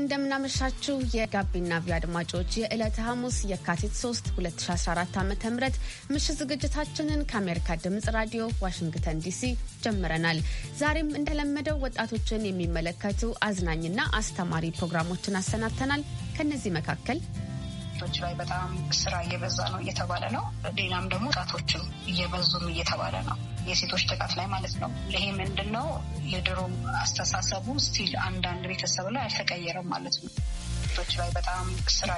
እንደምናመሻችው የጋቢና ቪ አድማጮች የዕለተ ሐሙስ የካቲት 3 2014 ዓ ም ምሽት ዝግጅታችንን ከአሜሪካ ድምፅ ራዲዮ ዋሽንግተን ዲሲ ጀምረናል። ዛሬም እንደለመደው ወጣቶችን የሚመለከቱ አዝናኝና አስተማሪ ፕሮግራሞችን አሰናድተናል። ከእነዚህ መካከል ሴቶች ላይ በጣም ስራ እየበዛ ነው እየተባለ ነው። ሌላም ደግሞ ጥቃቶችም እየበዙም እየተባለ ነው፣ የሴቶች ጥቃት ላይ ማለት ነው። ይሄ ምንድን ነው? የድሮ አስተሳሰቡ ስቲል አንዳንድ ቤተሰብ ላይ አልተቀየረም ማለት ነው። ሴቶች ላይ በጣም ስራ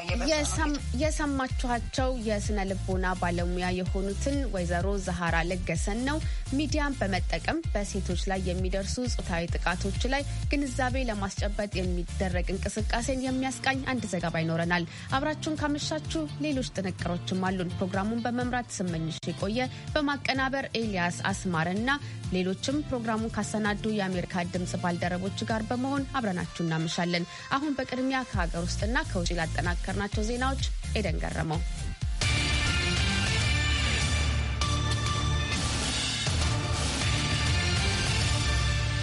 የሰማችኋቸው የስነ ልቦና ባለሙያ የሆኑትን ወይዘሮ ዛሃራ ለገሰን ነው። ሚዲያን በመጠቀም በሴቶች ላይ የሚደርሱ ጾታዊ ጥቃቶች ላይ ግንዛቤ ለማስጨበጥ የሚደረግ እንቅስቃሴን የሚያስቃኝ አንድ ዘገባ ይኖረናል። አብራችሁን ካመሻችሁ ሌሎች ጥንቅሮችም አሉን። ፕሮግራሙን በመምራት ስመኝሽ የቆየ በማቀናበር ኤልያስ አስማርና ሌሎችም ፕሮግራሙን ካሰናዱ የአሜሪካ ድምጽ ባልደረቦች ጋር በመሆን አብረናችሁ እናመሻለን። አሁን በቅድሚያ ከሀገር ውስጥና ከውጭ ላጠናከርናቸው ዜናዎች ኤደን ገረመው።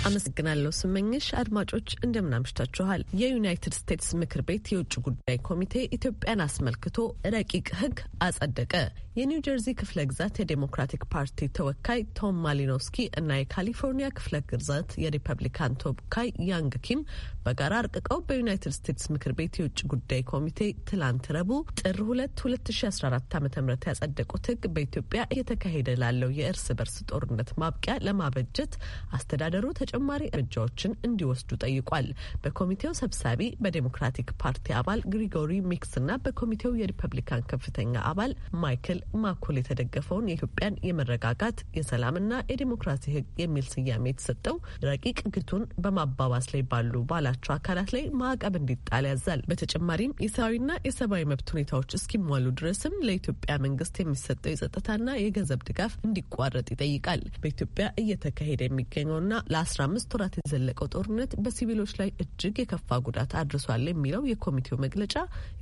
አመሰግናለሁ ስመኝሽ። አድማጮች አምሽታችኋል? የዩናይትድ ስቴትስ ምክር ቤት የውጭ ጉዳይ ኮሚቴ ኢትዮጵያን አስመልክቶ ረቂቅ ሕግ አጸደቀ። የኒው ጀርዚ ክፍለ ግዛት የዴሞክራቲክ ፓርቲ ተወካይ ቶም ማሊኖቭስኪ እና የካሊፎርኒያ ክፍለ ግዛት የሪፐብሊካን ተወካይ ያንግ ኪም በጋራ አርቅቀው በዩናይትድ ስቴትስ ምክር ቤት የውጭ ጉዳይ ኮሚቴ ትላንት ረቡዕ ጥር ሁለት 2014 ዓ ም ያጸደቁት ሕግ በኢትዮጵያ እየተካሄደ ላለው የእርስ በርስ ጦርነት ማብቂያ ለማበጀት አስተዳደሩ ተጨማሪ እርምጃዎችን እንዲወስዱ ጠይቋል። በኮሚቴው ሰብሳቢ በዴሞክራቲክ ፓርቲ አባል ግሪጎሪ ሚክስ እና በኮሚቴው የሪፐብሊካን ከፍተኛ አባል ማይክል ማኮል የተደገፈውን የኢትዮጵያን የመረጋጋት የሰላምና የዲሞክራሲ ህግ የሚል ስያሜ የተሰጠው ረቂቅ ግቱን በማባባስ ላይ ባሉ ባላቸው አካላት ላይ ማዕቀብ እንዲጣል ያዛል። በተጨማሪም የሰብአዊና የሰብአዊ መብት ሁኔታዎች እስኪሟሉ ድረስም ለኢትዮጵያ መንግስት የሚሰጠው የጸጥታና የገንዘብ ድጋፍ እንዲቋረጥ ይጠይቃል። በኢትዮጵያ እየተካሄደ የሚገኘውና ለአስራ አምስት ወራት የዘለቀው ጦርነት በሲቪሎች ላይ እጅግ የከፋ ጉዳት አድርሷል የሚለው የኮሚቴው መግለጫ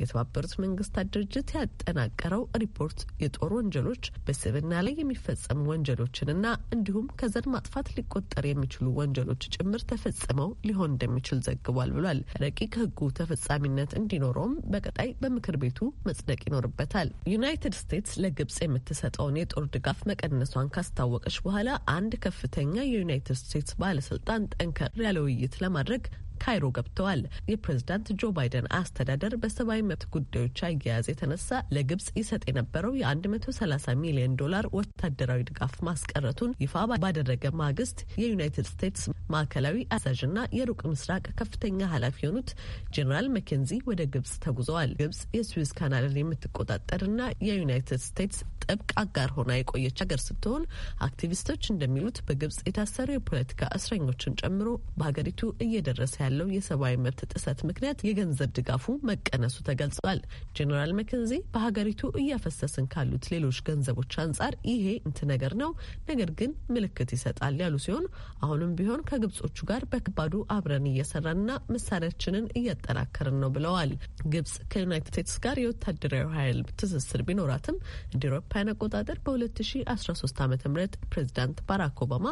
የተባበሩት መንግስታት ድርጅት ያጠናቀረው ሪፖርት የጦር ወንጀሎች፣ በስብና ላይ የሚፈጸሙ ወንጀሎችንና እንዲሁም ከዘር ማጥፋት ሊቆጠር የሚችሉ ወንጀሎች ጭምር ተፈጽመው ሊሆን እንደሚችል ዘግቧል ብሏል። ረቂቅ ህጉ ተፈጻሚነት እንዲኖረውም በቀጣይ በምክር ቤቱ መጽደቅ ይኖርበታል። ዩናይትድ ስቴትስ ለግብጽ የምትሰጠውን የጦር ድጋፍ መቀነሷን ካስታወቀች በኋላ አንድ ከፍተኛ የዩናይትድ ስቴትስ ባለስልጣን ጠንከር ያለ ውይይት ለማድረግ ካይሮ ገብተዋል። የፕሬዝዳንት ጆ ባይደን አስተዳደር በሰብአዊ መብት ጉዳዮች አያያዝ የተነሳ ለግብጽ ይሰጥ የነበረው የ130 ሚሊዮን ዶላር ወታደራዊ ድጋፍ ማስቀረቱን ይፋ ባደረገ ማግስት የዩናይትድ ስቴትስ ማዕከላዊ አዛዥና የሩቅ ምስራቅ ከፍተኛ ኃላፊ የሆኑት ጄኔራል መኬንዚ ወደ ግብጽ ተጉዘዋል። ግብጽ የስዊዝ ካናልን የምትቆጣጠርና የዩናይትድ ስቴትስ ጥብቅ አጋር ሆና የቆየች ሀገር ስትሆን አክቲቪስቶች እንደሚሉት በግብጽ የታሰሩ የፖለቲካ እስረኞችን ጨምሮ በሀገሪቱ እየደረሰ ያለው የሰብአዊ መብት ጥሰት ምክንያት የገንዘብ ድጋፉ መቀነሱ ተገልጿል። ጄኔራል መከንዚ በሀገሪቱ እያፈሰስን ካሉት ሌሎች ገንዘቦች አንጻር ይሄ እንት ነገር ነው፣ ነገር ግን ምልክት ይሰጣል ያሉ ሲሆን አሁንም ቢሆን ከግብጾቹ ጋር በከባዱ አብረን እየሰራንና መሳሪያችንን እያጠናከርን ነው ብለዋል። ግብጽ ከዩናይትድ ስቴትስ ጋር የወታደራዊ ኃይል ትስስር ቢኖራትም እንደ አውሮፓውያን አቆጣጠር በ2013 ዓ ም ፕሬዚዳንት ባራክ ኦባማ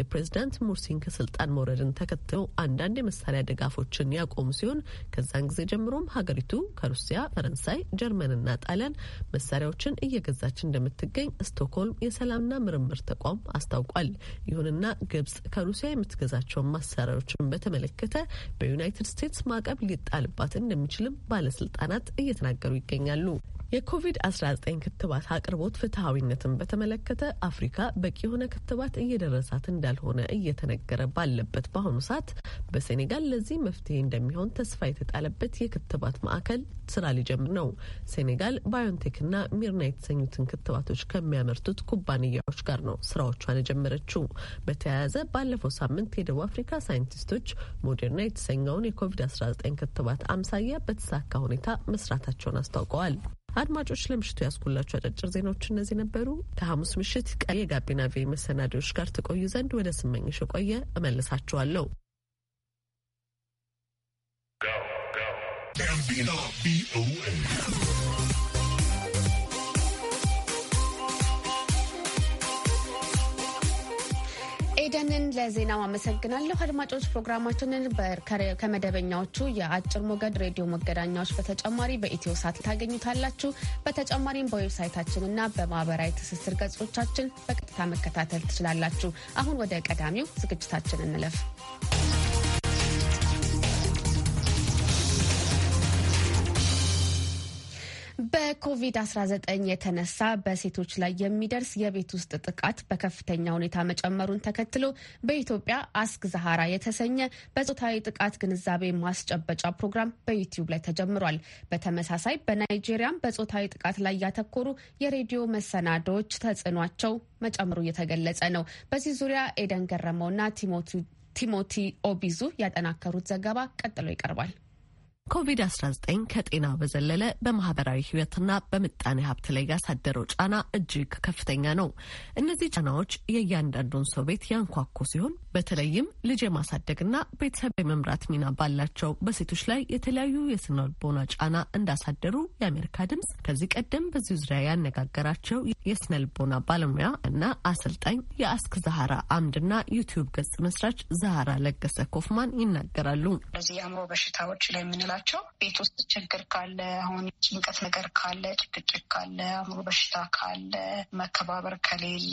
የፕሬዚዳንት ሙርሲን ከስልጣን መውረድን ተከትሎ አንዳንድ የመሳሪያ መሳሪያ ድጋፎችን ያቆሙ ሲሆን ከዛን ጊዜ ጀምሮም ሀገሪቱ ከሩሲያ፣ ፈረንሳይ፣ ጀርመንና ጣሊያን መሳሪያዎችን እየገዛች እንደምትገኝ ስቶክሆልም የሰላምና ምርምር ተቋም አስታውቋል። ይሁንና ግብጽ ከሩሲያ የምትገዛቸውን መሳሪያዎችን በተመለከተ በዩናይትድ ስቴትስ ማዕቀብ ሊጣልባት እንደሚችልም ባለስልጣናት እየተናገሩ ይገኛሉ። የኮቪድ-19 ክትባት አቅርቦት ፍትሐዊነትን በተመለከተ አፍሪካ በቂ የሆነ ክትባት እየደረሳት እንዳልሆነ እየተነገረ ባለበት በአሁኑ ሰዓት በሴኔጋል ለዚህ መፍትሄ እንደሚሆን ተስፋ የተጣለበት የክትባት ማዕከል ስራ ሊጀምር ነው። ሴኔጋል ባዮንቴክና ሚርና የተሰኙትን ክትባቶች ከሚያመርቱት ኩባንያዎች ጋር ነው ስራዎቿን የጀመረችው። በተያያዘ ባለፈው ሳምንት የደቡብ አፍሪካ ሳይንቲስቶች ሞዴርና የተሰኘውን የኮቪድ-19 ክትባት አምሳያ በተሳካ ሁኔታ መስራታቸውን አስታውቀዋል። አድማጮች ለምሽቱ ያስኩላችሁ አጫጭር ዜናዎች እነዚህ ነበሩ። ከሐሙስ ምሽት ቀሪ የጋቢና ቪ መሰናዶዎች ጋር ተቆዩ ዘንድ ወደ ስመኝሽ የቆየ እመልሳችኋለሁ። ጋቢና ቪኦኤ ኤደንን ለዜናው አመሰግናለሁ። አድማጮች ፕሮግራማችንን ከመደበኛዎቹ የአጭር ሞገድ ሬዲዮ መገናኛዎች በተጨማሪ በኢትዮ ሳት ታገኙታላችሁ። በተጨማሪም በዌብሳይታችን እና በማህበራዊ ትስስር ገጾቻችን በቀጥታ መከታተል ትችላላችሁ። አሁን ወደ ቀዳሚው ዝግጅታችን እንለፍ። በኮቪድ-19 የተነሳ በሴቶች ላይ የሚደርስ የቤት ውስጥ ጥቃት በከፍተኛ ሁኔታ መጨመሩን ተከትሎ በኢትዮጵያ አስክ ዛሃራ የተሰኘ በጾታዊ ጥቃት ግንዛቤ ማስጨበጫ ፕሮግራም በዩቲዩብ ላይ ተጀምሯል። በተመሳሳይ በናይጄሪያም በጾታዊ ጥቃት ላይ ያተኮሩ የሬዲዮ መሰናዶዎች ተጽዕኗቸው መጨመሩ እየተገለጸ ነው። በዚህ ዙሪያ ኤደን ገረመውና ቲሞቲ ኦቢዙ ያጠናከሩት ዘገባ ቀጥሎ ይቀርባል። ኮቪድ-19 ከጤና በዘለለ በማህበራዊ ህይወትና በምጣኔ ሀብት ላይ ያሳደረው ጫና እጅግ ከፍተኛ ነው። እነዚህ ጫናዎች የእያንዳንዱን ሰው ቤት ያንኳኩ ሲሆን በተለይም ልጅ የማሳደግና ቤተሰብ የመምራት ሚና ባላቸው በሴቶች ላይ የተለያዩ የስነ ልቦና ጫና እንዳሳደሩ የአሜሪካ ድምጽ ከዚህ ቀደም በዚሁ ዙሪያ ያነጋገራቸው የስነ ልቦና ባለሙያ እና አሰልጣኝ የአስክ ዛህራ አምድና ዩቲዩብ ገጽ መስራች ዛህራ ለገሰ ኮፍማን ይናገራሉ። እነዚህ የአእምሮ በሽታዎች ላይ የምንላ የምንላቸው ቤት ውስጥ ችግር ካለ አሁን ጭንቀት ነገር ካለ፣ ጭቅጭቅ ካለ፣ አእምሮ በሽታ ካለ፣ መከባበር ከሌለ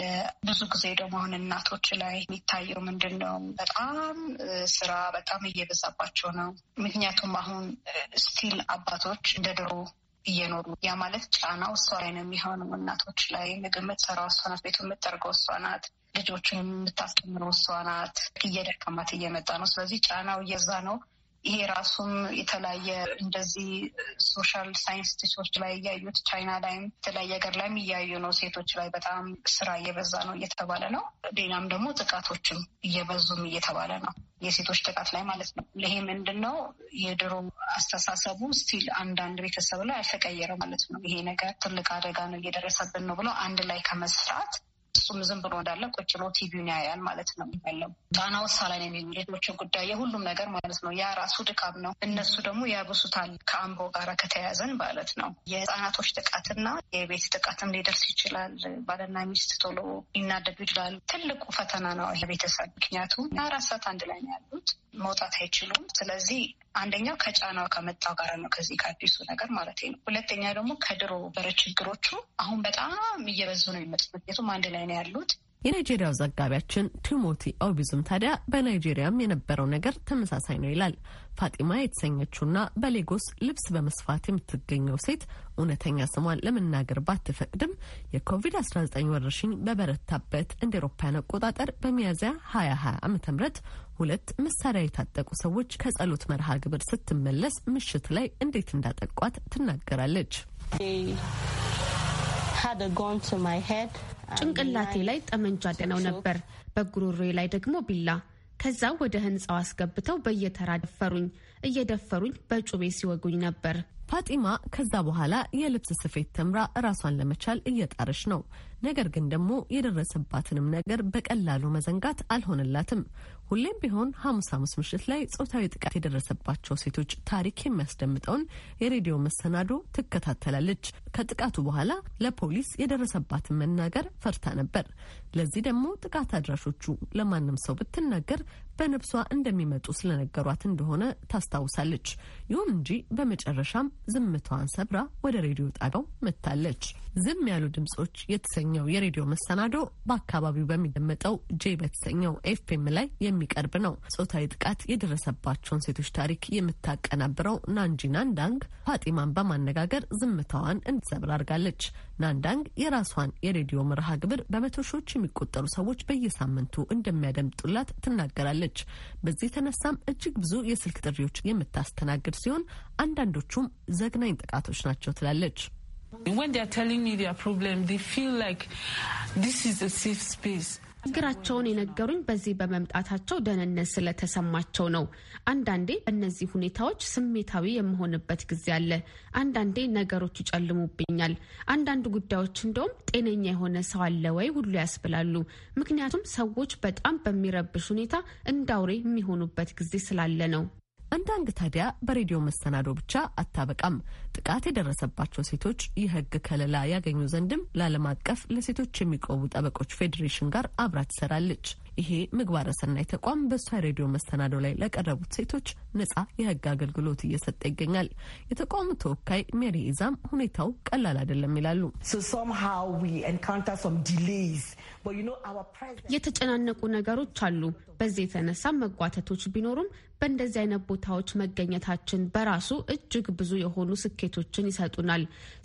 ብዙ ጊዜ ደግሞ አሁን እናቶች ላይ የሚታየው ምንድን ነው? በጣም ስራ በጣም እየበዛባቸው ነው። ምክንያቱም አሁን ስቲል አባቶች እንደ ድሮ እየኖሩ ያ ማለት ጫናው እሷ ላይ ነው የሚሆነው። እናቶች ላይ ምግብ የምትሰራው እሷ ናት፣ ቤቱ የምትጠርገው እሷ ናት፣ ልጆችን የምታስተምረው እሷ ናት። እየደከማት እየመጣ ነው። ስለዚህ ጫናው እየዛ ነው። ይሄ ራሱም የተለያየ እንደዚህ ሶሻል ሳይንቲስቶች ላይ እያዩት ቻይና ላይም የተለያየ ሀገር ላይም እያዩ ነው። ሴቶች ላይ በጣም ስራ እየበዛ ነው እየተባለ ነው። ሌላም ደግሞ ጥቃቶችም እየበዙም እየተባለ ነው። የሴቶች ጥቃት ላይ ማለት ነው። ይሄ ምንድን ነው? የድሮ አስተሳሰቡ ስቲል አንዳንድ ቤተሰብ ላይ አልተቀየረ ማለት ነው። ይሄ ነገር ትልቅ አደጋ ነው እየደረሰብን ነው ብለው አንድ ላይ ከመስራት እሱም ዝም ብሎ እንዳለ ቁጭ ብሎ ቲቪውን ያያል ማለት ነው ያለው ጣና ውሳ ላይ ነው የሚሉ ሴቶችን ጉዳይ የሁሉም ነገር ማለት ነው። ያ ራሱ ድካም ነው። እነሱ ደግሞ ያብሱታል። ከአምቦ ጋር ከተያያዘን ማለት ነው የህፃናቶች ጥቃትና የቤት ጥቃትም ሊደርስ ይችላል። ባልና ሚስት ቶሎ ሊናደዱ ይችላሉ። ትልቁ ፈተና ነው የቤተሰብ ምክንያቱም አራት ሰዓት አንድ ላይ ነው ያሉት መውጣት አይችሉም። ስለዚህ አንደኛው ከጫናው ከመጣው ጋር ነው ከዚህ ከአዲሱ ነገር ማለት ነው። ሁለተኛ ደግሞ ከድሮ በረ ችግሮቹ አሁን በጣም እየበዙ ነው የሚመጡት ምክንያቱም አንድ ላይ ነው ያሉት። የናይጄሪያው ዘጋቢያችን ቲሞቲ ኦቢዙም ታዲያ በናይጄሪያም የነበረው ነገር ተመሳሳይ ነው ይላል። ፋጢማ የተሰኘችውና በሌጎስ ልብስ በመስፋት የምትገኘው ሴት እውነተኛ ስሟን ለመናገር ባትፈቅድም የኮቪድ-19 ወረርሽኝ በበረታበት እንደ ኤሮፓያን አቆጣጠር በሚያዝያ 2020 ዓ ም ሁለት መሳሪያ የታጠቁ ሰዎች ከጸሎት መርሃ ግብር ስትመለስ ምሽት ላይ እንዴት እንዳጠቋት ትናገራለች። ጭንቅላቴ ላይ ጠመንጃ ደነው ነበር፣ በጉሮሮዬ ላይ ደግሞ ቢላ። ከዛ ወደ ህንፃው አስገብተው በየተራ ደፈሩኝ። እየደፈሩኝ በጩቤ ሲወጉኝ ነበር። ፋጢማ ከዛ በኋላ የልብስ ስፌት ተምራ ራሷን ለመቻል እየጣረች ነው። ነገር ግን ደግሞ የደረሰባትንም ነገር በቀላሉ መዘንጋት አልሆነላትም። ሁሌም ቢሆን ሐሙስ ሐሙስ ምሽት ላይ ጾታዊ ጥቃት የደረሰባቸው ሴቶች ታሪክ የሚያስደምጠውን የሬዲዮ መሰናዶ ትከታተላለች። ከጥቃቱ በኋላ ለፖሊስ የደረሰባትን መናገር ፈርታ ነበር። ለዚህ ደግሞ ጥቃት አድራሾቹ ለማንም ሰው ብትናገር በነብሷ እንደሚመጡ ስለነገሯት እንደሆነ ታስታውሳለች። ይሁን እንጂ በመጨረሻም ዝምታዋን ሰብራ ወደ ሬዲዮ ጣቢያው መጥታለች። ዝም ያሉ ድምጾች የተሰኘው የሬዲዮ መሰናዶ በአካባቢው በሚደመጠው ጄ በተሰኘው ኤፍኤም ላይ የሚቀርብ ነው። ጾታዊ ጥቃት የደረሰባቸውን ሴቶች ታሪክ የምታቀናብረው ናንጂ ናንዳንግ ፋጢማን በማነጋገር ዝምታዋን እንዲሰብር አድርጋለች። ናንዳንግ የራሷን የሬዲዮ መርሃ ግብር በመቶ ሺዎች የሚቆጠሩ ሰዎች በየሳምንቱ እንደሚያደምጡላት ትናገራለች። በዚህ የተነሳም እጅግ ብዙ የስልክ ጥሪዎች የምታስተናግድ ሲሆን አንዳንዶቹም ዘግናኝ ጥቃቶች ናቸው ትላለች። When they are telling me their problem, they feel like this is a safe space. ችግራቸውን የነገሩኝ በዚህ በመምጣታቸው ደህንነት ስለተሰማቸው ነው። አንዳንዴ እነዚህ ሁኔታዎች ስሜታዊ የምሆንበት ጊዜ አለ። አንዳንዴ ነገሮች ይጨልሙብኛል። አንዳንድ ጉዳዮች እንደውም ጤነኛ የሆነ ሰው አለ ወይ ሁሉ ያስብላሉ። ምክንያቱም ሰዎች በጣም በሚረብሽ ሁኔታ እንዳውሬ የሚሆኑበት ጊዜ ስላለ ነው። አንዳንድ ታዲያ በሬዲዮ መሰናዶ ብቻ አታበቃም። ጥቃት የደረሰባቸው ሴቶች የህግ ከለላ ያገኙ ዘንድም ለዓለም አቀፍ ለሴቶች የሚቆሙ ጠበቆች ፌዴሬሽን ጋር አብራ ትሰራለች። ይሄ ምግባረ ሰናይ ተቋም በእሷ ሬዲዮ መሰናዶ ላይ ለቀረቡት ሴቶች ነጻ የህግ አገልግሎት እየሰጠ ይገኛል። የተቋሙ ተወካይ ሜሪ ኢዛም ሁኔታው ቀላል አይደለም ይላሉ። የተጨናነቁ ነገሮች አሉ። በዚህ የተነሳ መጓተቶች ቢኖሩም በእንደዚህ አይነት ቦታዎች መገኘታችን በራሱ እጅግ ብዙ የሆኑ ስኬቶችን ይሰጡናል።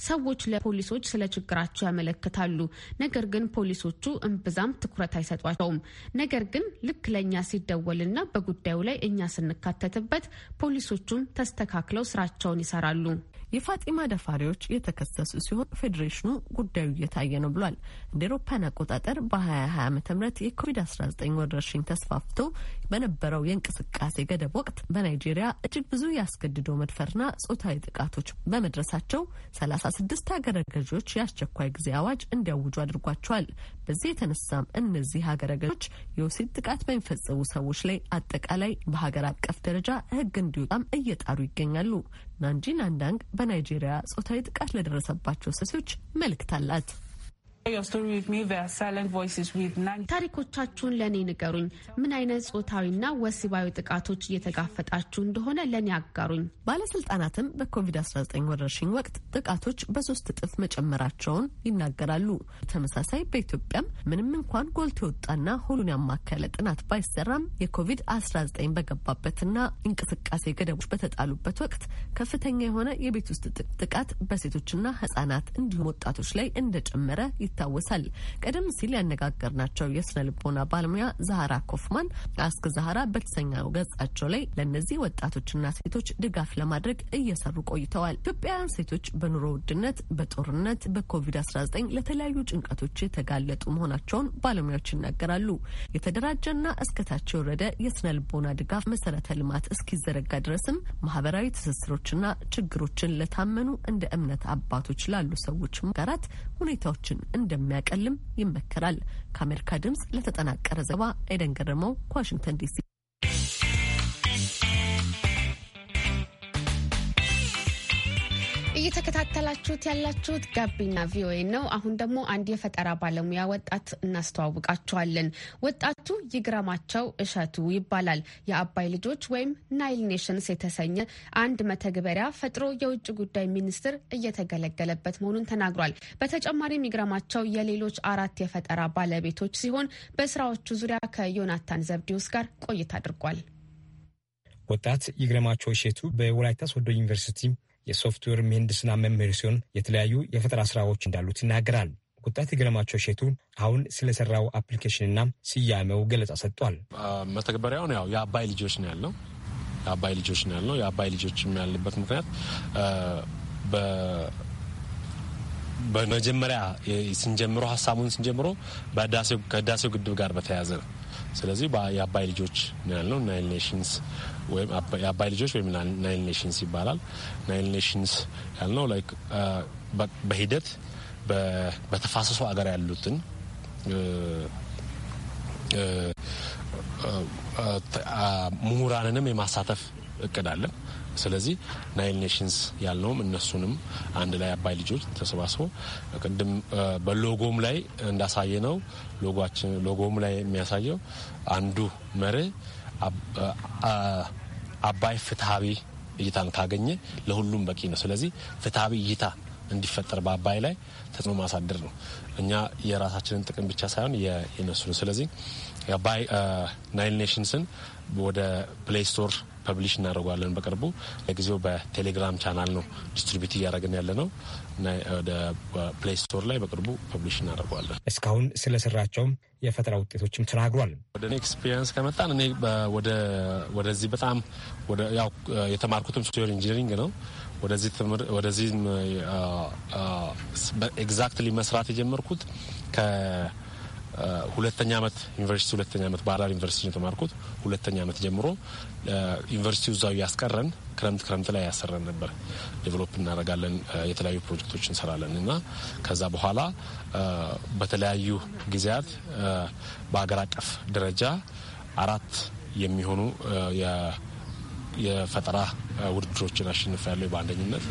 ሰዎች ለፖሊሶች ስለ ችግራቸው ያመለክታሉ፣ ነገር ግን ፖሊሶቹ እምብዛም ትኩረት አይሰጧቸውም። ነገር ግን ልክ ለእኛ ሲደወልና በጉዳዩ ላይ እኛ ስንካተትበት ፖሊሶቹም ተስተካክለው ስራቸውን ይሰራሉ። የፋጢማ ደፋሪዎች የተከሰሱ ሲሆን ፌዴሬሽኑ ጉዳዩ እየታየ ነው ብሏል። እንደ ኤሮፓን አቆጣጠር በ2020 ዓ ም የኮቪድ-19 ወረርሽኝ ተስፋፍቶ በነበረው የእንቅስቃሴ ገደብ ወቅት በናይጄሪያ እጅግ ብዙ ያስገድዶ መድፈርና ጾታዊ ጥቃቶች በመድረሳቸው 36 አገረ ገዢዎች የአስቸኳይ ጊዜ አዋጅ እንዲያውጁ አድርጓቸዋል። በዚህ የተነሳም እነዚህ ሀገረ ገቦች የወሲብ ጥቃት በሚፈጸሙ ሰዎች ላይ አጠቃላይ በሀገር አቀፍ ደረጃ ሕግ እንዲወጣም እየጣሩ ይገኛሉ። ናንጂ ናንዳንግ በናይጄሪያ ጾታዊ ጥቃት ለደረሰባቸው ሴቶች መልእክት አላት። ታሪኮቻችሁን ለእኔ ንገሩኝ። ምን አይነት ጾታዊና ወሲባዊ ጥቃቶች እየተጋፈጣችሁ እንደሆነ ለእኔ አጋሩኝ። ባለስልጣናትም በኮቪድ-19 ወረርሽኝ ወቅት ጥቃቶች በሶስት እጥፍ መጨመራቸውን ይናገራሉ። ተመሳሳይ በኢትዮጵያም ምንም እንኳን ጎልቶ የወጣና ሁሉን ያማከለ ጥናት ባይሰራም የኮቪድ-19 በገባበትና እንቅስቃሴ ገደቦች በተጣሉበት ወቅት ከፍተኛ የሆነ የቤት ውስጥ ጥቃት በሴቶችና ህጻናት እንዲሁም ወጣቶች ላይ እንደጨመረ ይታወሳል። ቀደም ሲል ያነጋገርናቸው የስነ ልቦና ባለሙያ ዛህራ ኮፍማን አስክ ዛህራ በተሰኘው ገጻቸው ላይ ለእነዚህ ወጣቶችና ሴቶች ድጋፍ ለማድረግ እየሰሩ ቆይተዋል። ኢትዮጵያውያን ሴቶች በኑሮ ውድነት፣ በጦርነት፣ በኮቪድ-19 ለተለያዩ ጭንቀቶች የተጋለጡ መሆናቸውን ባለሙያዎች ይናገራሉ። የተደራጀና እስከታች የወረደ የስነ ልቦና ድጋፍ መሰረተ ልማት እስኪዘረጋ ድረስም ማህበራዊ ትስስሮችና ችግሮችን ለታመኑ እንደ እምነት አባቶች ላሉ ሰዎች መጋራት ሁኔታዎችን እንደሚያቀልም ይመከራል። ከአሜሪካ ድምጽ ለተጠናቀረ ዘገባ አይደን ገረመው ከዋሽንግተን ዲሲ እየተከታተላችሁት ያላችሁት ጋቢና ቪኦኤ ነው። አሁን ደግሞ አንድ የፈጠራ ባለሙያ ወጣት እናስተዋውቃችኋለን። ወጣቱ ይግራማቸው እሸቱ ይባላል። የአባይ ልጆች ወይም ናይል ኔሽንስ የተሰኘ አንድ መተግበሪያ ፈጥሮ የውጭ ጉዳይ ሚኒስቴር እየተገለገለበት መሆኑን ተናግሯል። በተጨማሪም ይግራማቸው የሌሎች አራት የፈጠራ ባለቤቶች ሲሆን በስራዎቹ ዙሪያ ከዮናታን ዘብዲዎስ ጋር ቆይታ አድርጓል። ወጣት ይግረማቸው እሸቱ በወላይታ ሶዶ ዩኒቨርሲቲ የሶፍትዌር ምህንድስና መምህር ሲሆን የተለያዩ የፈጠራ ስራዎች እንዳሉት ይናገራል። ወጣት ገለማቸው ሼቱ አሁን ስለሰራው አፕሊኬሽንና ስያሜው ገለጻ ሰጥቷል። መተግበሪያውን ያው የአባይ ልጆች ነው ያለው የአባይ ልጆች ነው ያለው። የአባይ ልጆች ያለበት ምክንያት በመጀመሪያ ስንጀምሮ ሀሳቡን ስንጀምሮ ከህዳሴው ግድብ ጋር በተያያዘ ነው። ስለዚህ የአባይ ልጆች ነው ያለው ናይል ኔሽንስ ወይም የአባይ ልጆች ወይም ናይል ኔሽንስ ይባላል። ናይል ኔሽንስ ያልነው ላይክ በሂደት በተፋሰሱ ሀገር ያሉትን ምሁራንንም የማሳተፍ እቅድ አለን። ስለዚህ ናይል ኔሽንስ ያልነውም እነሱንም አንድ ላይ አባይ ልጆች ተሰባስቦ ቅድም በሎጎም ላይ እንዳሳየ ነው ሎጎም ላይ የሚያሳየው አንዱ መርህ አባይ ፍትሐዊ እይታን ካገኘ ለሁሉም በቂ ነው። ስለዚህ ፍትሐዊ እይታ እንዲፈጠር በአባይ ላይ ተጽዕኖ ማሳደር ነው። እኛ የራሳችንን ጥቅም ብቻ ሳይሆን የነሱ ነው። ስለዚህ አባይ ናይል ኔሽንስን ወደ ፕሌይ ስቶር ፐብሊሽ እናደርጓለን። በቅርቡ ለጊዜው በቴሌግራም ቻናል ነው ዲስትሪቢዩት እያደረግን ያለ ነው እና ወደ ፕሌይ ስቶር ላይ በቅርቡ ፐብሊሽ እናደርጓለን። እስካሁን ስለ ስራቸውም የፈጠራ ውጤቶችም ተናግሯል። ወደ እኔ ኤክስፒሪየንስ ከመጣን እኔ ወደዚህ በጣም ያው የተማርኩትም ሲሆን ኢንጂኒሪንግ ነው ወደዚህ ኤግዛክትሊ መስራት የጀመርኩት ሁለተኛ ዓመት ዩኒቨርሲቲ ሁለተኛ ዓመት ባህርዳር ዩኒቨርሲቲ የተማርኩት። ሁለተኛ ዓመት ጀምሮ ዩኒቨርሲቲ እዛው ያስቀረን ክረምት ክረምት ላይ ያሰረን ነበር። ዴቨሎፕ እናደርጋለን፣ የተለያዩ ፕሮጀክቶች እንሰራለን እና ከዛ በኋላ በተለያዩ ጊዜያት በሀገር አቀፍ ደረጃ አራት የሚሆኑ የፈጠራ ውድድሮችን አሸንፍ ያለው በአንደኝነት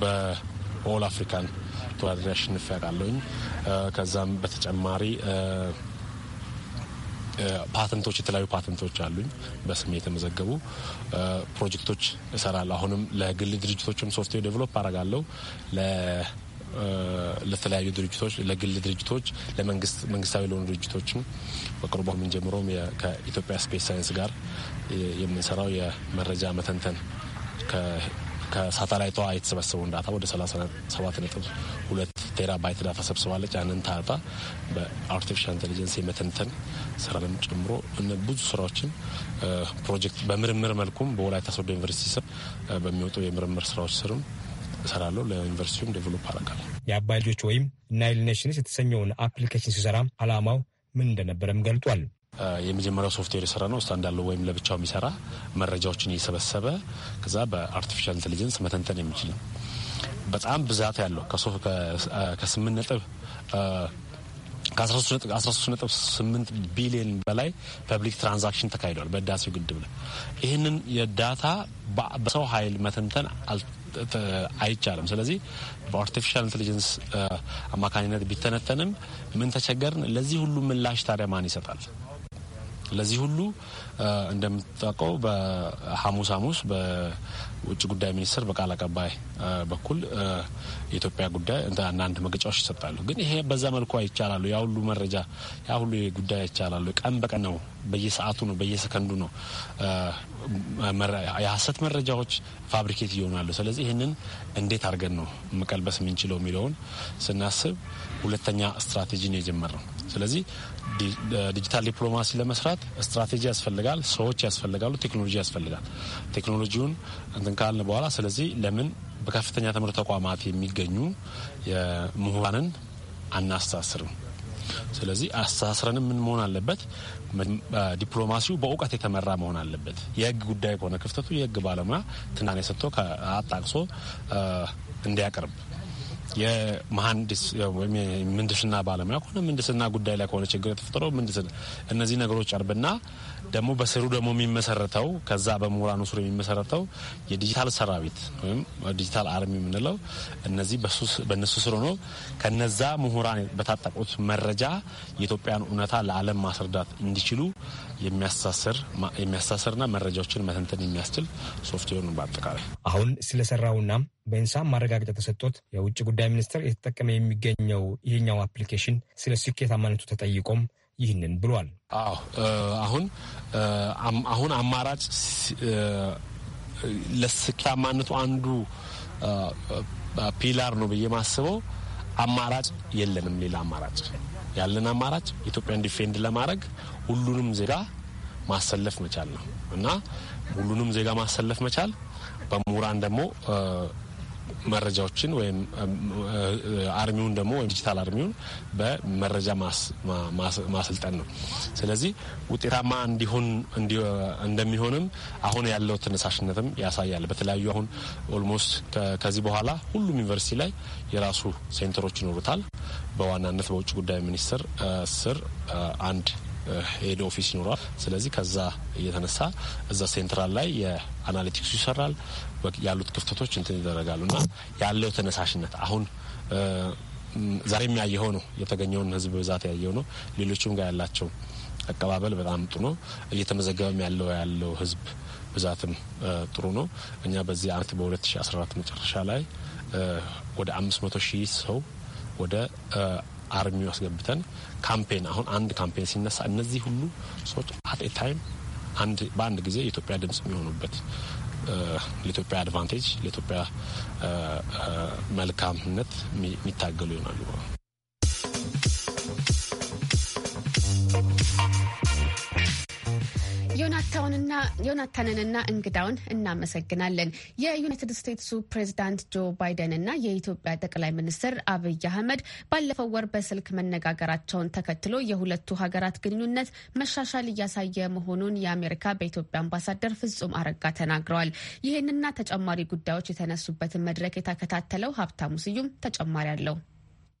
በኦል አፍሪካን ሀብቱ አድሬ አሸንፍ ያውቃለሁኝ። ከዛም በተጨማሪ ፓተንቶች የተለያዩ ፓተንቶች አሉኝ በስሜ የተመዘገቡ ፕሮጀክቶች እሰራለሁ። አሁንም ለግል ድርጅቶችም ሶፍትዌር ዴቨሎፕ አረጋለሁ ለተለያዩ ድርጅቶች፣ ለግል ድርጅቶች፣ ለመንግስት መንግስታዊ ለሆኑ ድርጅቶችም በቅርቡ ጀምሮም ከኢትዮጵያ ስፔስ ሳይንስ ጋር የምንሰራው የመረጃ መተንተን ከሳተላይቷ የተሰበሰበውን ዳታ ወደ 37.2 ቴራባይት ዳታ ሰብስባለች። ያንን ዳታ በአርቲፊሻል ኢንቴሊጀንስ የመተንተን ስራንም ጨምሮ ብዙ ስራዎችን ፕሮጀክት በምርምር መልኩም በወላይታ ሶዶ ዩኒቨርሲቲ ስር በሚወጡ የምርምር ስራዎች ስርም እሰራለሁ። ለዩኒቨርሲቲውም ዴቨሎፕ አደርጋለሁ። የአባይ ልጆች ወይም ናይል ኔሽንስ የተሰኘውን አፕሊኬሽን ሲሰራ አላማው ምን እንደነበረም ገልጧል። የመጀመሪያው ሶፍትዌር የሰራ ነው ስታንድ ያለው ወይም ለብቻው የሚሰራ መረጃዎችን እየሰበሰበ ከዛ በአርቲፊሻል ኢንቴሊጀንስ መተንተን የሚችል ነው። በጣም ብዛት ያለው ከስምንት ነጥብ ከ ቢሊዮን በላይ ፐብሊክ ትራንዛክሽን ተካሂዷል በህዳሴው ግድብ ላይ። ይህንን የዳታ በሰው ኃይል መተንተን አይቻልም። ስለዚህ በአርቲፊሻል ኢንቴሊጀንስ አማካኝነት ቢተነተንም ምን ተቸገርን? ለዚህ ሁሉ ምላሽ ታዲያ ማን ይሰጣል? ለዚህ ሁሉ እንደምታውቀው በሐሙስ ሐሙስ በውጭ ጉዳይ ሚኒስትር በቃል አቀባይ በኩል የኢትዮጵያ ጉዳይ አንዳንድ መግለጫዎች ይሰጣሉ። ግን ይሄ በዛ መልኩ ይቻላሉ። ያ ሁሉ መረጃ ያ ሁሉ ጉዳይ ይቻላሉ። ቀን በቀን ነው፣ በየሰዓቱ ነው፣ በየሰከንዱ ነው የሀሰት መረጃዎች ፋብሪኬት እየሆኑ ስለዚህ ይህንን እንዴት አድርገን ነው መቀልበስ የምንችለው የሚለውን ስናስብ ሁለተኛ ስትራቴጂን የጀመርነው። ስለዚህ ዲጂታል ዲፕሎማሲ ለመስራት ስትራቴጂ ያስፈልጋል፣ ሰዎች ያስፈልጋሉ፣ ቴክኖሎጂ ያስፈልጋል። ቴክኖሎጂውን እንትን ካልን በኋላ ስለዚህ ለምን በከፍተኛ ትምህርት ተቋማት የሚገኙ ምሁራንን አናስተሳስርም? ስለዚህ አስተሳስረን ምን መሆን አለበት? ዲፕሎማሲው በእውቀት የተመራ መሆን አለበት። የህግ ጉዳይ ከሆነ ክፍተቱ የህግ ባለሙያ ትንታኔ ሰጥቶ አጣቅሶ እንዲያቀርብ የመሀንዲስ ወይም የምንድስና ባለሙያ ከሆነ ምንድስና ጉዳይ ላይ ከሆነ ችግር የተፈጠረው ምንድስና እነዚህ ነገሮች አርብና ደግሞ በስሩ ደግሞ የሚመሰረተው ከዛ በምሁራኑ ስሩ የሚመሰረተው የዲጂታል ሰራዊት ወይም ዲጂታል አርሚ የምንለው እነዚህ በእነሱ ስሩ ነው። ከነዛ ምሁራን በታጠቁት መረጃ የኢትዮጵያን እውነታ ለዓለም ማስረዳት እንዲችሉ የሚያሳስርና መረጃዎችን መተንተን የሚያስችል ሶፍትዌር ነው። በአጠቃላይ አሁን ስለሰራውና በኢንሳም ማረጋገጫ ተሰጥቶት የውጭ ጉዳይ ሚኒስቴር የተጠቀመ የሚገኘው ይህኛው አፕሊኬሽን ስለ ስኬታማነቱ ተጠይቆም ይህንን ብሏል። አሁን አሁን አማራጭ ለስኬታማነቱ አንዱ ፒላር ነው ብዬ ማስበው አማራጭ የለንም። ሌላ አማራጭ ያለን አማራጭ ኢትዮጵያን ዲፌንድ ለማድረግ ሁሉንም ዜጋ ማሰለፍ መቻል ነው እና ሁሉንም ዜጋ ማሰለፍ መቻል በምሁራን ደግሞ መረጃዎችን ወይም አርሚውን ደግሞ ወይም ዲጂታል አርሚውን በመረጃ ማሰልጠን ነው። ስለዚህ ውጤታማ እንዲሆን እንደሚሆንም አሁን ያለው ተነሳሽነትም ያሳያል። በተለያዩ አሁን ኦልሞስት ከዚህ በኋላ ሁሉም ዩኒቨርሲቲ ላይ የራሱ ሴንተሮች ይኖሩታል። በዋናነት በውጭ ጉዳይ ሚኒስቴር ስር አንድ ሄድ ኦፊስ ይኖራል። ስለዚህ ከዛ እየተነሳ እዛ ሴንትራል ላይ የአናሊቲክሱ ይሰራል። ያሉት ክፍተቶች እንትን ይደረጋሉ እና ያለው ተነሳሽነት አሁን ዛሬም ያየኸው ነው። የተገኘውን ህዝብ ብዛት ያየው ነው። ሌሎችም ጋር ያላቸው አቀባበል በጣም ጥሩ ነው። እየተመዘገበም ያለው ያለው ህዝብ ብዛትም ጥሩ ነው። እኛ በዚህ አመት በ2014 መጨረሻ ላይ ወደ 500 ሺህ ሰው ወደ አርሚው አስገብተን ካምፔን አሁን አንድ ካምፔን ሲነሳ እነዚህ ሁሉ ሰዎች አት ኤ ታይም በአንድ ጊዜ የኢትዮጵያ ድምጽ የሚሆኑበት ለኢትዮጵያ አድቫንቴጅ ለኢትዮጵያ መልካምነት የሚታገሉ ይሆናሉ። ዮናታንንና እንግዳውን እናመሰግናለን። የዩናይትድ ስቴትሱ ፕሬዚዳንት ጆ ባይደን እና የኢትዮጵያ ጠቅላይ ሚኒስትር አብይ አህመድ ባለፈው ወር በስልክ መነጋገራቸውን ተከትሎ የሁለቱ ሀገራት ግንኙነት መሻሻል እያሳየ መሆኑን የአሜሪካ በኢትዮጵያ አምባሳደር ፍጹም አረጋ ተናግረዋል። ይህንና ተጨማሪ ጉዳዮች የተነሱበትን መድረክ የተከታተለው ሀብታሙ ስዩም ተጨማሪ አለው።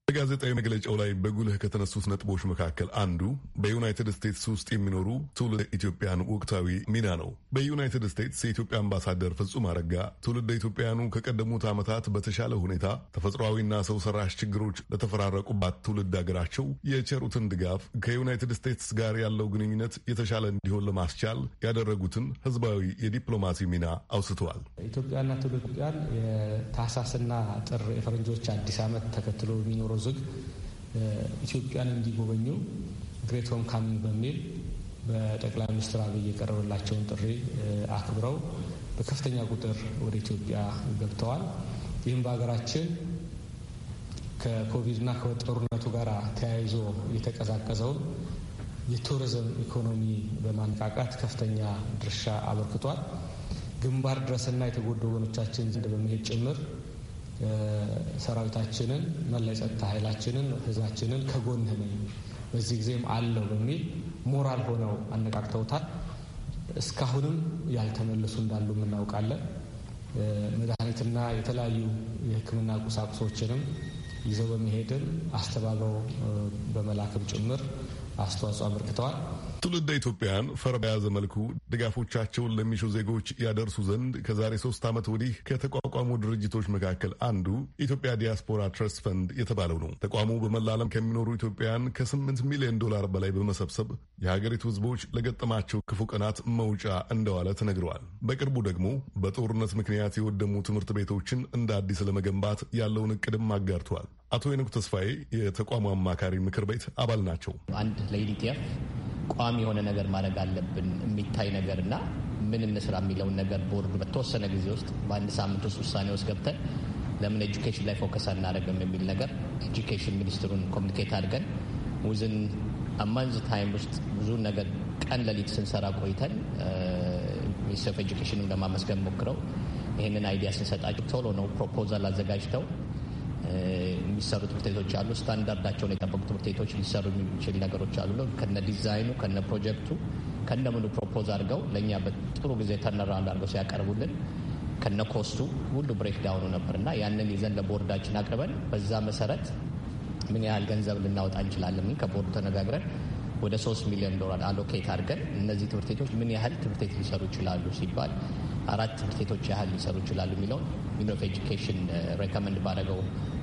በጋዜጣዊ መግለጫው ላይ በጉልህ ከተነሱት ነጥቦች መካከል አንዱ በዩናይትድ ስቴትስ ውስጥ የሚኖሩ ትውልደ ኢትዮጵያን ወቅታዊ ሚና ነው። በዩናይትድ ስቴትስ የኢትዮጵያ አምባሳደር ፍጹም አረጋ ትውልደ ኢትዮጵያኑ ከቀደሙት ዓመታት በተሻለ ሁኔታ ተፈጥሯዊና ሰው ሰራሽ ችግሮች ለተፈራረቁባት ትውልድ ሀገራቸው የቸሩትን ድጋፍ፣ ከዩናይትድ ስቴትስ ጋር ያለው ግንኙነት የተሻለ እንዲሆን ለማስቻል ያደረጉትን ህዝባዊ የዲፕሎማሲ ሚና አውስተዋል። ኢትዮጵያና ትውልድ ኢትዮጵያን የታህሳስና ጥር የፈረንጆች አዲስ ዓመት ተከትሎ የሚኖሩ ዝግ ኢትዮጵያን እንዲጎበኙ ግሬት ሆም ካሚንግ በሚል በጠቅላይ ሚኒስትር አብይ የቀረበላቸውን ጥሪ አክብረው በከፍተኛ ቁጥር ወደ ኢትዮጵያ ገብተዋል። ይህም በሀገራችን ከኮቪድና ከጦርነቱ ጋር ተያይዞ የተቀዛቀዘውን የቱሪዝም ኢኮኖሚ በማነቃቃት ከፍተኛ ድርሻ አበርክቷል። ግንባር ድረስና የተጎዱ ወገኖቻችን ዘንድ በመሄድ ጭምር ሰራዊታችንን መላ የጸጥታ ኃይላችንን ህዝባችንን ከጎንህ ነኝ በዚህ ጊዜም አለው በሚል ሞራል ሆነው አነቃቅተውታል። እስካሁንም ያልተመለሱ እንዳሉ እናውቃለን። መድኃኒትና የተለያዩ የሕክምና ቁሳቁሶችንም ይዘው በመሄድም አስተባብረው በመላክም ጭምር አስተዋጽኦ አበርክተዋል። ትውልደ ኢትዮጵያውያን ፈር በያዘ መልኩ ድጋፎቻቸውን ለሚሹ ዜጎች ያደርሱ ዘንድ ከዛሬ ሶስት ዓመት ወዲህ ከተቋቋሙ ድርጅቶች መካከል አንዱ ኢትዮጵያ ዲያስፖራ ትረስት ፈንድ የተባለው ነው። ተቋሙ በመላ ዓለም ከሚኖሩ ኢትዮጵያውያን ከስምንት ሚሊዮን ዶላር በላይ በመሰብሰብ የሀገሪቱ ሕዝቦች ለገጠማቸው ክፉ ቀናት መውጫ እንደዋለ ተነግረዋል። በቅርቡ ደግሞ በጦርነት ምክንያት የወደሙ ትምህርት ቤቶችን እንደ አዲስ ለመገንባት ያለውን እቅድም አጋርተዋል። አቶ የንኩ ተስፋዬ የተቋሙ አማካሪ ምክር ቤት አባል ናቸው። አንድ ለኢዲቲኤፍ ቋሚ የሆነ ነገር ማድረግ አለብን የሚታይ ነገር እና ምን እንስራ የሚለውን ነገር ቦርዱ በተወሰነ ጊዜ ውስጥ በአንድ ሳምንት ውስጥ ውሳኔ ውስጥ ገብተን ለምን ኤጁኬሽን ላይ ፎከስ አናደረግም የሚል ነገር ኤጁኬሽን ሚኒስትሩን ኮሚኒኬት አድርገን ውዝን አማንዝ ታይም ውስጥ ብዙ ነገር ቀን ለሊት ስንሰራ ቆይተን ሚኒስትር ኦፍ ኤጁኬሽንም ለማመስገን ሞክረው ይህንን አይዲያ ስንሰጣቸው ቶሎ ነው ፕሮፖዛል አዘጋጅተው የሚሰሩ ትምህርት ቤቶች አሉ። ስታንዳርዳቸውን የጠበቁ ትምህርት ቤቶች ሊሰሩ የሚችል ነገሮች አሉ። ከነ ዲዛይኑ ከነ ፕሮጀክቱ ከነ ምኑ ፕሮፖዝ አድርገው ለእኛ በጥሩ ጊዜ ተነራንድ አድርገው ሲያቀርቡልን ከነ ኮስቱ ሁሉ ብሬክ ዳውኑ ነበር እና ያንን ይዘን ለቦርዳችን አቅርበን በዛ መሰረት ምን ያህል ገንዘብ ልናወጣ እንችላለን ከቦርዱ ተነጋግረን ወደ 3 ሚሊዮን ዶላር አሎኬት አድርገን እነዚህ ትምህርት ቤቶች ምን ያህል ትምህርት ቤት ሊሰሩ ይችላሉ ሲባል አራት ትምህርት ቤቶች ያህል ሊሰሩ ይችላሉ የሚለውን ሚኒስትሪ ኦፍ ኤጁኬሽን ሬኮመንድ ባደረገው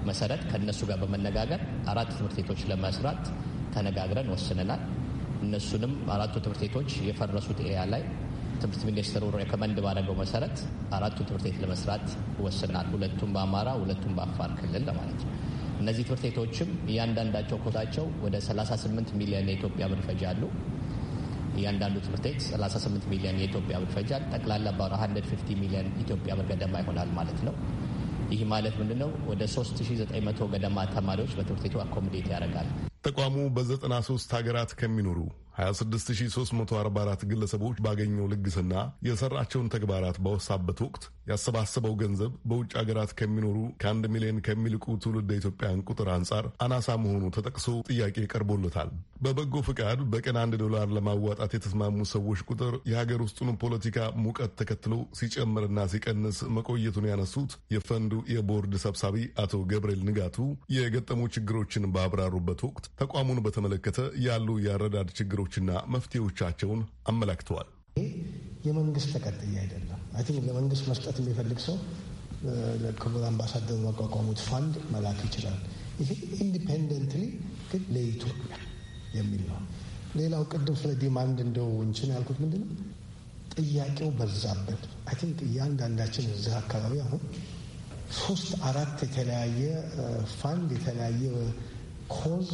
መሰረት ከነሱ ጋር በመነጋገር አራት ትምህርት ቤቶች ለመስራት ተነጋግረን ወስነናል። እነሱንም አራቱ ትምህርት ቤቶች የፈረሱት ኤያ ላይ ትምህርት ሚኒስትሩ ሬኮመንድ ባደረገው መሰረት አራቱ ትምህርት ቤት ለመስራት ወስናል። ሁለቱም በአማራ ሁለቱም በአፋር ክልል ለማለት ነው። እነዚህ ትምህርት ቤቶችም እያንዳንዳቸው ኮታቸው ወደ 38 ሚሊዮን የኢትዮጵያ ብር ይፈጃሉ። እያንዳንዱ ትምህርት ቤት 38 ሚሊዮን የኢትዮጵያ ብር ይፈጃል። ጠቅላላ በ150 ሚሊዮን ኢትዮጵያ ብር ገደማ ይሆናል ማለት ነው። ይህ ማለት ምንድነው? ወደ 3900 ገደማ ተማሪዎች በትምህርት ቤቱ አኮሚዴት ያደርጋል። ተቋሙ በ93 ሀገራት ከሚኖሩ 26344 ግለሰቦች ባገኘው ልግስና የሰራቸውን ተግባራት ባወሳበት ወቅት ያሰባሰበው ገንዘብ በውጭ ሀገራት ከሚኖሩ ከአንድ ሚሊዮን ከሚልቁ ትውልደ ኢትዮጵያን ቁጥር አንጻር አናሳ መሆኑ ተጠቅሶ ጥያቄ ቀርቦለታል። በበጎ ፍቃድ በቀን አንድ ዶላር ለማዋጣት የተስማሙ ሰዎች ቁጥር የሀገር ውስጡን ፖለቲካ ሙቀት ተከትሎ ሲጨምርና ሲቀንስ መቆየቱን ያነሱት የፈንዱ የቦርድ ሰብሳቢ አቶ ገብርኤል ንጋቱ የገጠሙ ችግሮችን ባብራሩበት ወቅት ተቋሙን በተመለከተ ያሉ የአረዳድ ችግሮች ችግሮችና መፍትሄዎቻቸውን አመላክተዋል። ይህ የመንግስት ተቀጥያ አይደለም። አይ ቲንክ ለመንግስት መስጠት የሚፈልግ ሰው ለክቡር አምባሳደሩ ያቋቋሙት ፋንድ መላክ ይችላል። ይሄ ኢንዲፔንደንትሊ ግን ለኢትዮጵያ የሚል ነው። ሌላው ቅድም ስለ ዲማንድ እንደው እንችን ያልኩት ምንድን ነው ጥያቄው በዛበት። አይ ቲንክ እያንዳንዳችን እዚህ አካባቢ አሁን ሶስት አራት የተለያየ ፋንድ የተለያየ ኮዝ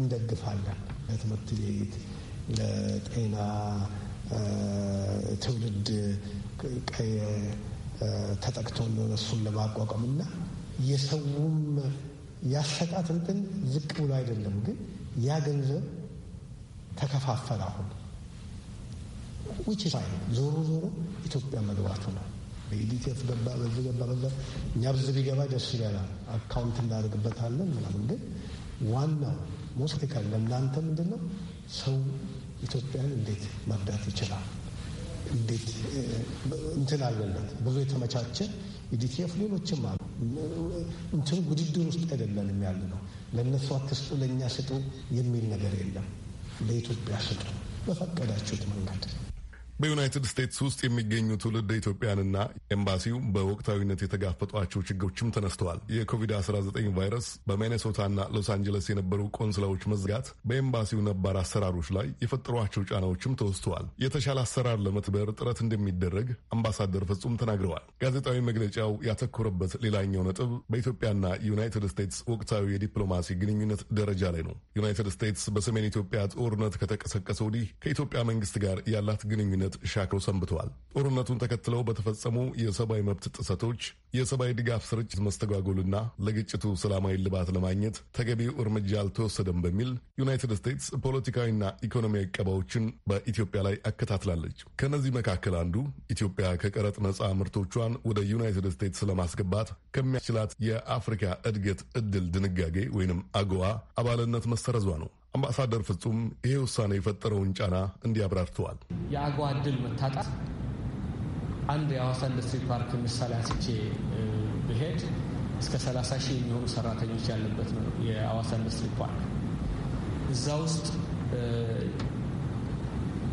እንደግፋለን ለትምህርት ቤት ለጤና ትውልድ ቀየ ተጠቅቶ እንደሆነ እሱን ለማቋቋም እና የሰውም ያሰጣት እንትን ዝቅ ብሎ አይደለም። ግን ያ ገንዘብ ተከፋፈለ። አሁን ዊች ዞሮ ዞሮ ኢትዮጵያ መግባቱ ነው። በኢዲቲፍ ገባ፣ በዚህ ገባ፣ በዛ እኛ ብዙ ቢገባ ደስ ይለናል። አካውንት እናደርግበታለን ምናምን። ግን ዋናው ሞስት ለእናንተ ምንድን ነው ሰው ኢትዮጵያን እንዴት መርዳት ይችላል? እንዴት እንትን አለለት ብዙ የተመቻቸ ኢዲቲኤፍ ሌሎችም አሉ። እንትን ውድድር ውስጥ አይደለንም ያሉ ነው። ለእነሱ አትስጡ፣ ለእኛ ስጡ የሚል ነገር የለም። ለኢትዮጵያ ስጡ በፈቀዳችሁት መንገድ በዩናይትድ ስቴትስ ውስጥ የሚገኙ ትውልድ ኢትዮጵያንና ኤምባሲው በወቅታዊነት የተጋፈጧቸው ችግሮችም ተነስተዋል። የኮቪድ-19 ቫይረስ በሚኔሶታና ሎስ አንጀለስ የነበሩ ቆንስላዎች መዝጋት በኤምባሲው ነባር አሰራሮች ላይ የፈጠሯቸው ጫናዎችም ተወስተዋል። የተሻለ አሰራር ለመትበር ጥረት እንደሚደረግ አምባሳደር ፍጹም ተናግረዋል። ጋዜጣዊ መግለጫው ያተኮረበት ሌላኛው ነጥብ በኢትዮጵያና ዩናይትድ ስቴትስ ወቅታዊ የዲፕሎማሲ ግንኙነት ደረጃ ላይ ነው። ዩናይትድ ስቴትስ በሰሜን ኢትዮጵያ ጦርነት ከተቀሰቀሰ ወዲህ ከኢትዮጵያ መንግስት ጋር ያላት ግንኙነት ግንኙነት ሻክሮ ሰንብተዋል። ጦርነቱን ተከትለው በተፈጸሙ የሰብአዊ መብት ጥሰቶች፣ የሰብአዊ ድጋፍ ስርጭት መስተጓጎልና ለግጭቱ ሰላማዊ ልባት ለማግኘት ተገቢው እርምጃ አልተወሰደም በሚል ዩናይትድ ስቴትስ ፖለቲካዊና ኢኮኖሚያዊ ቀባዎችን በኢትዮጵያ ላይ አከታትላለች። ከነዚህ መካከል አንዱ ኢትዮጵያ ከቀረጥ ነፃ ምርቶቿን ወደ ዩናይትድ ስቴትስ ለማስገባት ከሚያስችላት የአፍሪካ እድገት እድል ድንጋጌ ወይንም አጎዋ አባልነት መሰረዟ ነው። አምባሳደር ፍጹም ይሄ ውሳኔ የፈጠረውን ጫና እንዲያብራርተዋል። አብራርተዋል። የአገዋ እድል መታጣት አንድ የአዋሳ ኢንዱስትሪ ፓርክ ምሳሌ አስቼ ብሄድ እስከ 30 ሺህ የሚሆኑ ሰራተኞች ያለበት ነው የአዋሳ ኢንዱስትሪ ፓርክ። እዛ ውስጥ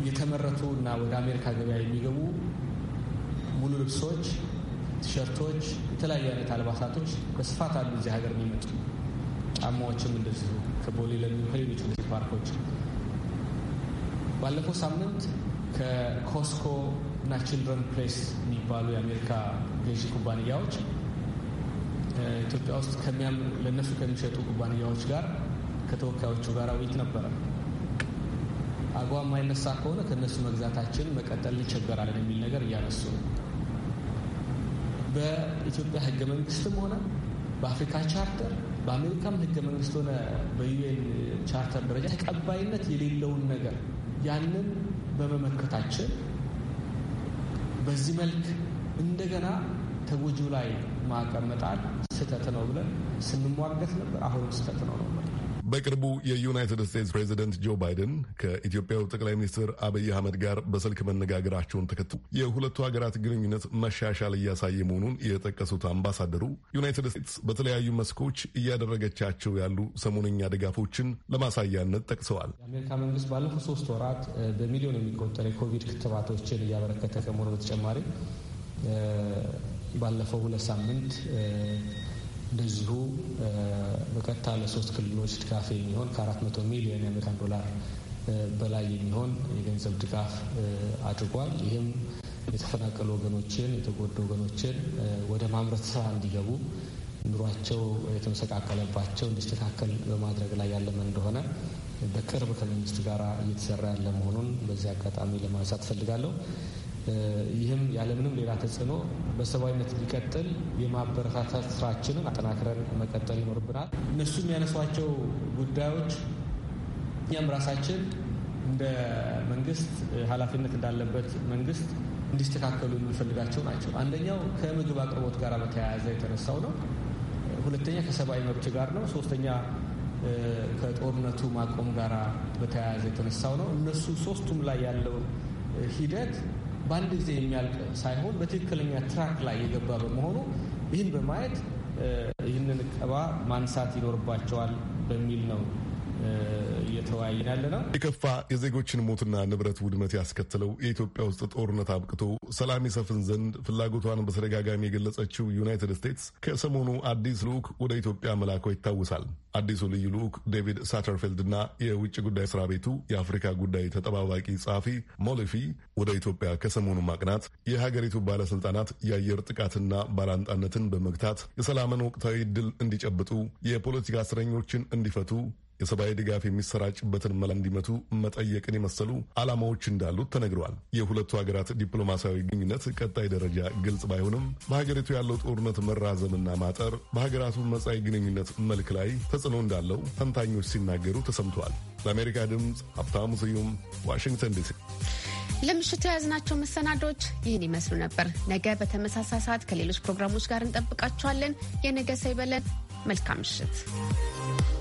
የተመረቱ እና ወደ አሜሪካ ገበያ የሚገቡ ሙሉ ልብሶች፣ ቲሸርቶች፣ የተለያዩ አይነት አልባሳቶች በስፋት አሉ እዚህ ሀገር የሚመጡ ጫማዎችም እንደዚሁ ከቦሌ ለሚ ከሌሎች ፓርኮች ባለፈው ሳምንት ከኮስኮ እና ችልድረን ፕሌስ የሚባሉ የአሜሪካ ገዢ ኩባንያዎች ኢትዮጵያ ውስጥ ከሚያም ለእነሱ ከሚሸጡ ኩባንያዎች ጋር ከተወካዮቹ ጋር ውይይት ነበረ። አግባ የማይነሳ ከሆነ ከእነሱ መግዛታችን መቀጠል እንቸገራለን የሚል ነገር እያነሱ ነው። በኢትዮጵያ ሕገ መንግስትም ሆነ በአፍሪካ ቻርተር በአሜሪካም ህገ መንግስት ሆነ በዩኤን ቻርተር ደረጃ ተቀባይነት የሌለውን ነገር ያንን በመመከታችን በዚህ መልክ እንደገና ተጎጂው ላይ ማዕቀብ መጣል ስህተት ነው ብለን ስንሟገት ነበር። አሁንም ስህተት ነው ነው በቅርቡ የዩናይትድ ስቴትስ ፕሬዚደንት ጆ ባይደን ከኢትዮጵያው ጠቅላይ ሚኒስትር አብይ አህመድ ጋር በስልክ መነጋገራቸውን ተከትሎ የሁለቱ ሀገራት ግንኙነት መሻሻል እያሳየ መሆኑን የጠቀሱት አምባሳደሩ ዩናይትድ ስቴትስ በተለያዩ መስኮች እያደረገቻቸው ያሉ ሰሞነኛ ድጋፎችን ለማሳያነት ጠቅሰዋል። የአሜሪካ መንግስት ባለፉት ሶስት ወራት በሚሊዮን የሚቆጠር የኮቪድ ክትባቶችን እያበረከተ ከመሆኑ በተጨማሪ ባለፈው ሁለት ሳምንት እንደዚሁ በቀጥታ ለሶስት ክልሎች ድጋፍ የሚሆን ከ400 ሚሊዮን የአሜሪካን ዶላር በላይ የሚሆን የገንዘብ ድጋፍ አድርጓል። ይህም የተፈናቀሉ ወገኖችን የተጎዱ ወገኖችን ወደ ማምረት ስራ እንዲገቡ ኑሯቸው የተመሰቃቀለባቸው እንዲስተካከል በማድረግ ላይ ያለመን እንደሆነ በቅርብ ከመንግስት ጋር እየተሰራ ያለ መሆኑን በዚህ አጋጣሚ ለማንሳት ፈልጋለሁ ይህም ያለምንም ሌላ ተጽዕኖ በሰብአዊነት ሊቀጥል የማበረታታት ስራችንን አጠናክረን መቀጠል ይኖርብናል። እነሱ የሚያነሷቸው ጉዳዮች እኛም ራሳችን እንደ መንግስት ኃላፊነት እንዳለበት መንግስት እንዲስተካከሉ የምንፈልጋቸው ናቸው። አንደኛው ከምግብ አቅርቦት ጋር በተያያዘ የተነሳው ነው። ሁለተኛ ከሰብአዊ መብት ጋር ነው። ሶስተኛ ከጦርነቱ ማቆም ጋር በተያያዘ የተነሳው ነው። እነሱ ሶስቱም ላይ ያለው ሂደት በአንድ ጊዜ የሚያልቅ ሳይሆን በትክክለኛ ትራክ ላይ የገባ በመሆኑ ይህን በማየት ይህንን ቀባ ማንሳት ይኖርባቸዋል በሚል ነው እየተወያየን ያለ ነው። የከፋ የዜጎችን ሞትና ንብረት ውድመት ያስከተለው የኢትዮጵያ ውስጥ ጦርነት አብቅቶ ሰላም ይሰፍን ዘንድ ፍላጎቷን በተደጋጋሚ የገለጸችው ዩናይትድ ስቴትስ ከሰሞኑ አዲስ ልዑክ ወደ ኢትዮጵያ መላኳ ይታወሳል። አዲሱ ልዩ ልዑክ ዴቪድ ሳተርፊልድና የውጭ ጉዳይ ስራ ቤቱ የአፍሪካ ጉዳይ ተጠባባቂ ጸሐፊ ሞሊፊ ወደ ኢትዮጵያ ከሰሞኑ ማቅናት የሀገሪቱ ባለስልጣናት የአየር ጥቃትና ባላንጣነትን በመግታት የሰላምን ወቅታዊ ድል እንዲጨብጡ፣ የፖለቲካ እስረኞችን እንዲፈቱ የሰብአዊ ድጋፍ የሚሰራጭበትን መላ እንዲመቱ መጠየቅን የመሰሉ ዓላማዎች እንዳሉት ተነግረዋል። የሁለቱ ሀገራት ዲፕሎማሲያዊ ግንኙነት ቀጣይ ደረጃ ግልጽ ባይሆንም በሀገሪቱ ያለው ጦርነት መራዘምና ማጠር በሀገራቱ መጻኢ ግንኙነት መልክ ላይ ተጽዕኖ እንዳለው ተንታኞች ሲናገሩ ተሰምተዋል። ለአሜሪካ ድምፅ ሀብታሙ ስዩም ዋሽንግተን ዲሲ። ለምሽቱ የያዝናቸው መሰናዶች ይህን ይመስሉ ነበር። ነገ በተመሳሳይ ሰዓት ከሌሎች ፕሮግራሞች ጋር እንጠብቃችኋለን። የነገ ሰው ይበለን። መልካም ምሽት።